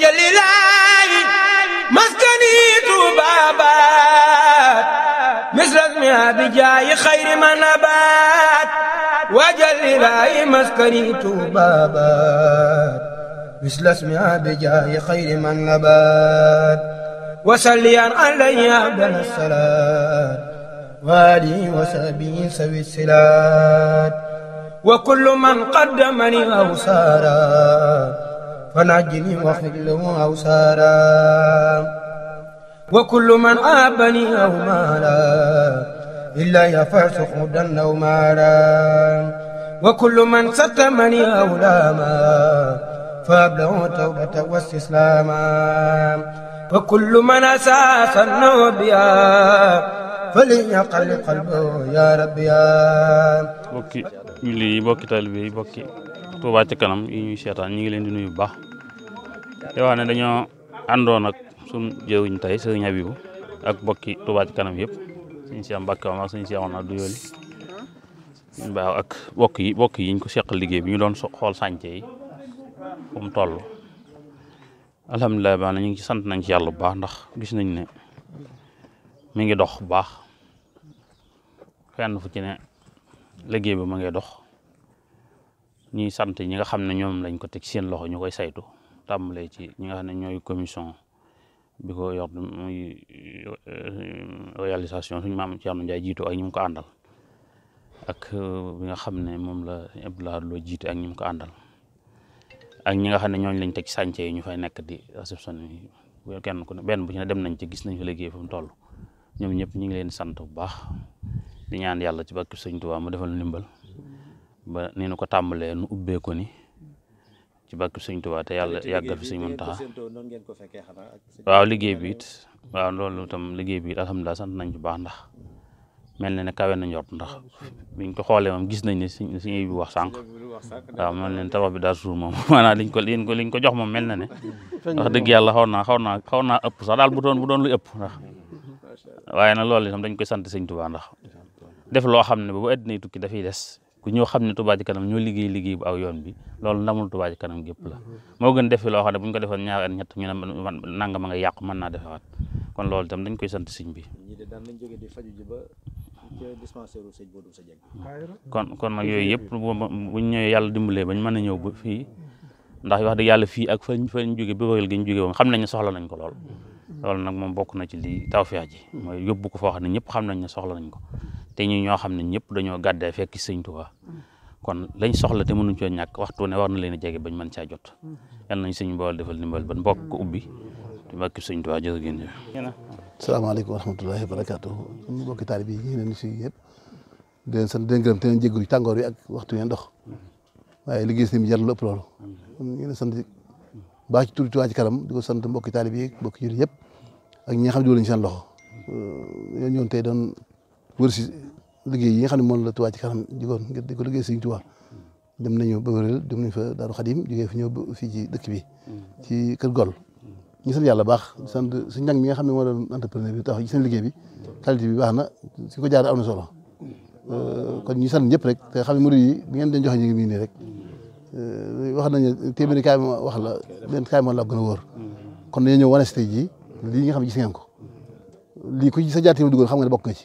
jëlilaayi maskaniitu baabaat misras mi abijaayi xayri ma nabaat wa jëlilaayi maskaniitu baabaat misras mi abijaayi xayri ma nabaat wa salliyan alayhi abdal salaat waalihi wa sahbihi sawi silaat wa kullu man qaddamani aw saaraat ونجني وخله أوسارا وكل من عابني أو مالا إلا يفاس حدا أو مالا وكل من ستمني أو لاما فأبلغ توبة واستسلاما وكل من أساس النوبيا bokki julli yi bokki taalibe yi bokki Touba ca kanam yi ñuy seetaan ñu ngi leen di nuyu bu baax te wax ne dañoo àndoon ak suñu jëwriñ tey sëriñ Habibou ak bokki Touba ci kanam yëpp suñ si am mbàkkam ak suñ si amoon du yooli baaw ak bokk yi bokk yi ñu ko seqal liggéey bi ñu doon xool sànce yi fu mu toll alhamdulilah baax na ñu ngi sant nañ ci yàlla bu baax ndax gis nañ ne mi ngi dox bu baax fenn fu ci ne liggéey bi ma ngay dox ñuy sant ñi nga xam ne ñoom lañ ko teg seen loxo ñu koy saytu tàmbalee ci ñi nga xam ne ñooy commission bi ko yor muy euh, réalisation suñu maam ci Ndiaye jiitu ak ñi mu ko àndal ak euh, bi nga xam ne moom la Abdoulaye loo jiite ak ñi ko àndal ak ñi nga xam ne ñooñu lañ teg sànce ñu fay nekk di réception yi kenn ku ne benn bu ci ne dem nañ ci gis nañ fa liggéey fa mu toll ñoom ñëpp ñu ngi leen sant bu baax di ñaan yàlla ci bakki Sëñ Tuubaa mu defal ndimbal ba ni nu ko tàmbalee nu ubbee ko ni ci bàkki sëñ Tuubaa te yàlla yàggal fi sëñ Muntaxa waaw liggéey bi it waaw loolu itam liggéey bi it alhamdulilah sant nañ ci baax ndax mel na ne kawe na njort ndax biñ ko xoolee moom gis nañ ne suñ suñ bi wax sànq waaw mel na ne tabax bi daal suur moom maanaam liñ ko ko liñ ko jox moom mel na ne wax dëgg yàlla xaw naa xaw naa xaw naa ëpp sax daal bu doon bu doon lu ëpp ndax waaye nag loolu itam dañ koy sant sëñ Tuubaa ndax def loo xam ne bu àddina tukki dafay des ku ñoo xam ne Touba Kanam ñoo liggéey liggéey bu aw yoon bi loolu ndamul Touba Ca Kanam gépp la mm-hmm. moo gën defi loo xam ne bu ñu ko defoon ñaar at ñett ñu ne man nanga ma nga yàqu mën naa defewaat kon loolu itam dañ koy sant sëñ bi kon kon nag yooyu yëpp buñ ñëwee yàlla dimbalee bañ mën a ñëw ba fii ndax wax dëgg yàlla fii ak fañ fañ jóge biroyal gi ñu jóge woon xam nañ ne soxla nañ ko lool mm-hmm. loolu nag moom bokk na ci lii taw tawfeex ji mooy yóbbu ko foo xam ne ñëpp xam nañ ne soxla nañ ko te ñu ñoo xam ne ñëpp dañoo gàddaay fekk sëñ Tuubaa kon lañ soxla te mënuñ coo ñàkk waxtu ne war na leen a jege bañ mën caa jot yal nañ sëñ bool defal ndimbal ban mbokk ko ubbi di mbokk sëñ Tuubaa jërë ngeen jëf salaamaaleykum wa rahmatullahi wa barakaatu suñu mbokki taalib yi ñu leen si yëpp di leen sant di leen gërëm ak waxtu leen dox waaye liggéey si mi jar lu ëpp loolu ñu leen sant baax ci turi Tuubaa ci kanam di ko sant mbokki taalib yi mbokki jur yëpp ak ñi nga xam ne doo doon wër si liggéey yi nga xam ne moom la Tuubaa ci kanam jigoon ngir di ko liggéey Sëriñ Tuubaa dem nañu ba wéral dem nañu fa Daaru Xadim jógee fi ñëw ba fii ci dëkk bi ci kër Gol ñu sant yàlla baax sant si ñag mi nga xam ne moo doon entrepreneur bi tax ci seen liggéey bi bi baax na si ko jaar am na solo euh, kon ñu sant ñëpp rek te xam ne murid yi bi ngeen dañ joxe ñu ngi mii nii rek euh, wax nañu téeméeri kaay ma wax la benn kaay ma la gën a wóor kon ne ñëw wane si tey jii lii nga xam ne gis ngeen ko lii ku ci sa jaar téeméer dugal xam nga ne bokk nga ci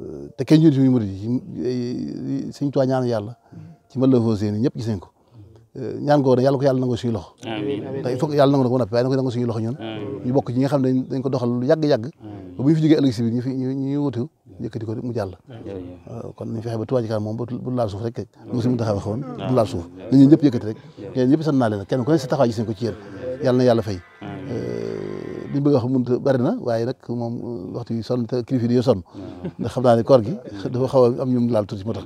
Euh, te kenn jënd si muy murid yi suñ tuwaa ñaanu yàlla ci mën la foo séeni ñëpp gis nañ ko euh, ñaan ko yàlla ko yàlla nangu suñu loxo te il ko noppi waaye na ko nangu suñu loxo ñun ñu bokk ci xam dañ ko doxal lu yàgg-yàgg ba bu ñu fi jógee ëllëg ñu fi ñu yëkkati ko mu jàll kon nañ fexe ba Touba Ca Kanam moom bu laal suuf rek lu ñëpp yëkkati rek ñëpp sant naa leen kenn ne sa taxawaay gis nañ ci yéen yàlla na fay li a wax mënut bari na waaye nag moom euh, waxtu yi sonn te kilifa yi sonn ndax xam naa ne gi dafa xaw a am ñum laal tuuti moo tax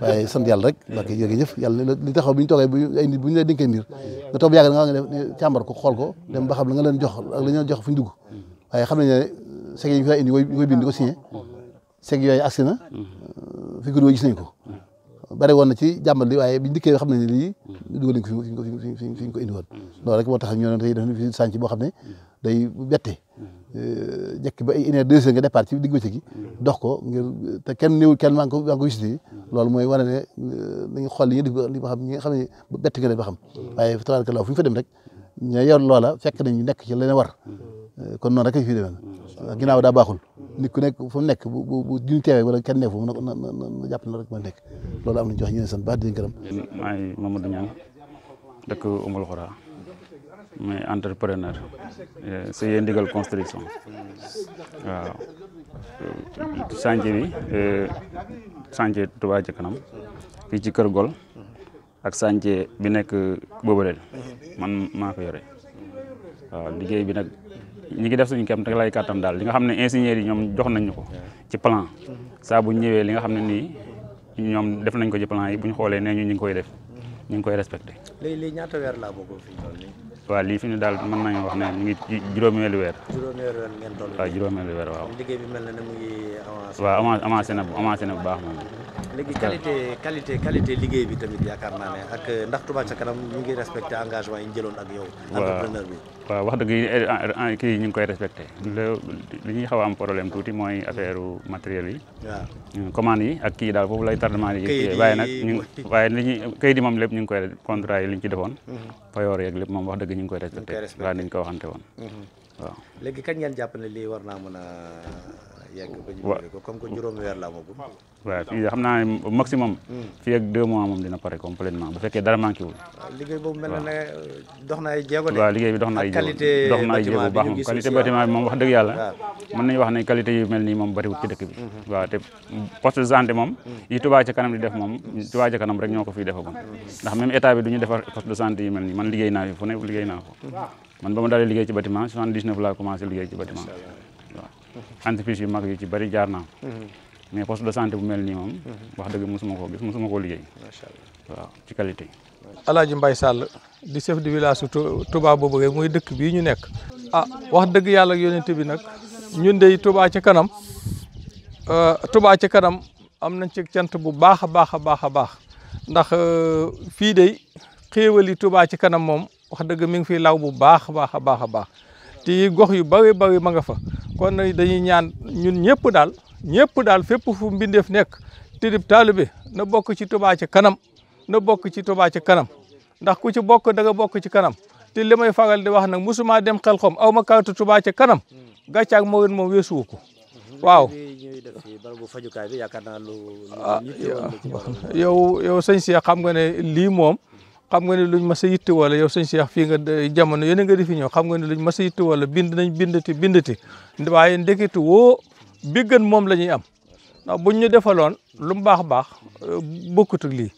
waaye sant yàlla rek barke jërëjëf yàlla li taxaw bi ñu toogee bu ay nit bu ñu la dénkee mbir nga toog bu yàgg nga def càmbar ko xool ko dem ba xam la nga leen jox ak la ñu jox fu ñu dugg waaye xam nañ ne seg yi ñu fa indi koy bind di ko signé seg yooyu agsi na figure gis nañ ko bare woon na ci jàmbal li waaye biñ dikkee xam nañ ne lii dugal nañ ko fi ñu ko fi ñu ko indi woon loolu rek moo tax ñoo ne tey def na fi sànc boo xam ne day bette euh, njëkk ba ay une heure deux heures nga départ ci digg bëccëg gi mm. dox ko ngir te kenn néew kenn maa ngi ko maa si ko loolu mooy wane ne euh, dañuy xool li ñuy def ba xam ñi nga xam ne bett nga leen ba xam mm. waaye tabaarkalla fu fa dem rek ña yor loola fekk nañu nekk ci leen war mm. euh, kon noonu rek fi demee ginnaaw daa baaxul nit ku nekk fu nekk bu bu bu duñu teewee wala kenn nekk fu mu na na na jàpp na rek ma nekk loolu am nañu ci wax ñu ne gërëm. maa ngi Mamadou Niang dëkk Oumoul Khoura mais entrepreneur euh, su yee ndigal construction waaw chantier bi euh, chantier Touba Ca Kanam fii ci Kër Gol ak chantier bi nekk Bobaleel man maa ko yore waaw liggéey bi nag ñi ngi def suñu kem teg lay kàttan daal li nga xam ne ingénieurs yi ñoom jox nañ ko ci plan saa bu ñëwee li nga xam ne nii ñoom def nañ ko ci plan yi bu ñu xoolee nee ñu ñu ngi koy def ñu ngi koy respecté. léegi léegi ñaata waaw lii fi ne daal mën nañu wax ne mu ngi ci juróomeelu weer. juróomeelu weer ngeen toll. waaw weer waaw. liggéey bi mel na ne mu ngi avancé. waaw na bu avancé na bu baax moom. léegi qualité qualité qualité liggéey bi tamit yaakaar naa ne ak euh, ndax Touba ca kanam ñu ngi respecté engagement yi ñu jëloon ak yow. entrepreneur bi waaw wax dëgg eh, kii ñu ngi koy respecté. li ñuy xaw a am problème tuuti mooy affaire matériel yi. waaw euh, commande yi ak kii daal foofu lay tardement yi. kayit yi waaye nag ñu waaye li ñuy kayit yi moom lépp ñu ngi koy contrat yi li ñu ci defoon. Mhm. payoor yeeg lépp moom wax dëgg ñu ngi koy respecté. waaw ni ñu ko waxante woon. Mhm. waaw léegi kañ ngeen jàpp ne lii war naa mën a waaw waaw fii xam naa ne maximum. Hmm. fii ak moom dina pare complètement bu fekkee dara manqué wul. Ah, euh, waaw liggéey boobu bi dox na ay bu baax moom qualité bâtiment moom wax dëgg yàlla. mën nañu wax ne qualité yu mel nii moom bariwul ci dëkk bi. Hmm, hmm. waaw te poste de santé moom. yi Touba kanam di def moom Touba kanam rek ñoo ko fiy defagum. ndax même état bi du defar poste de santé yu mel nii man liggéey naa fi fu liggéey naa ko. man ba ma dalee liggéey ci bâtiment entreprise yu mag yu ci bari jaar naa mais poste de santé bu mel ni moom wax dëgg mosuma koo gis mosuma koo liggéey ci qualité alaaji mbay Sall di sef de village su Touba boobu rek muy dëkk bii ñu nekk ah wax dëgg yàlla ak yonent bi nag ñun dey Touba ci kanam euh, Touba ci kanam am nañ ci cant bu baax a baax a baax a baax ndax euh, fii dey xéewali Touba ci kanam moom wax dëgg mi ngi fiy law bu baax a baax a baax a baax te gox yu bawe bawe ma nga fa kon nag dañuy ñaan ñun ñëpp daal ñëpp daal fépp fu mbindeef nekk tedib taalibe na bokk ci Touba ca kanam na bokk ci Touba ca kanam ndax ku ci bokk da nga bokk ci kanam te li may fagal di wax nag musuma dem xel xom aw ma kaatu Touba ca kanam gàccaak moo gën moom weesuwu ko waaw ah, yow yow sëñ si xam nga ne lii moom xam nga ne lu mas a yitte wala yow sëñ Cheikh fii nga jamono yene nga di fi ñëw xam nga ne luñ mas a yitte wala bind nañ bindati bindati waaye ndekete woo bi gën moom la ñuy am ndax buñ ñu defaloon lu mu baax a baax euh, bokkut ak lii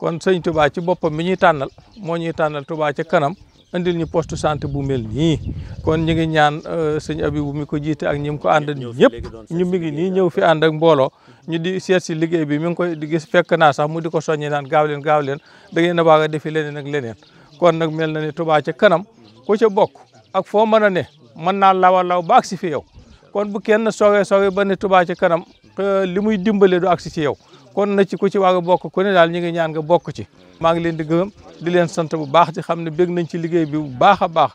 kon sëñ Touba ci boppam mi ñuy tànnal moo ñuy tànnal Touba ci kanam andil ñu poste santé bu mel nii kon ñu ñaan ñaan euh, sëñ Abibu mi ko jiite ak ñi mu ko àndal ñëpp ñu mi ngi nii ñëw fi ànd ak mbooloo ñu di seet si liggéey bi mi ngi koy di gis fekk naa sax mu di ko soññi naan gaaw leen gaaw leen da ngeen a baaga defi leneen leneen kon nag mel na ne Touba ca kanam ku ca bokk ak foo mën a ne mën naa lawa law ba si fi yow kon bu kenn soogee soogee ba ne Touba ca kanam li muy dimbale du agsi si yow kon na ci ku ci waag a bokk ku daal ñu ngi ñaan nga bokk ci mm. maa ngi leen di gërëm di leen sant bu baax ci xam ne bég nañ ci liggéey bi bu baax a baax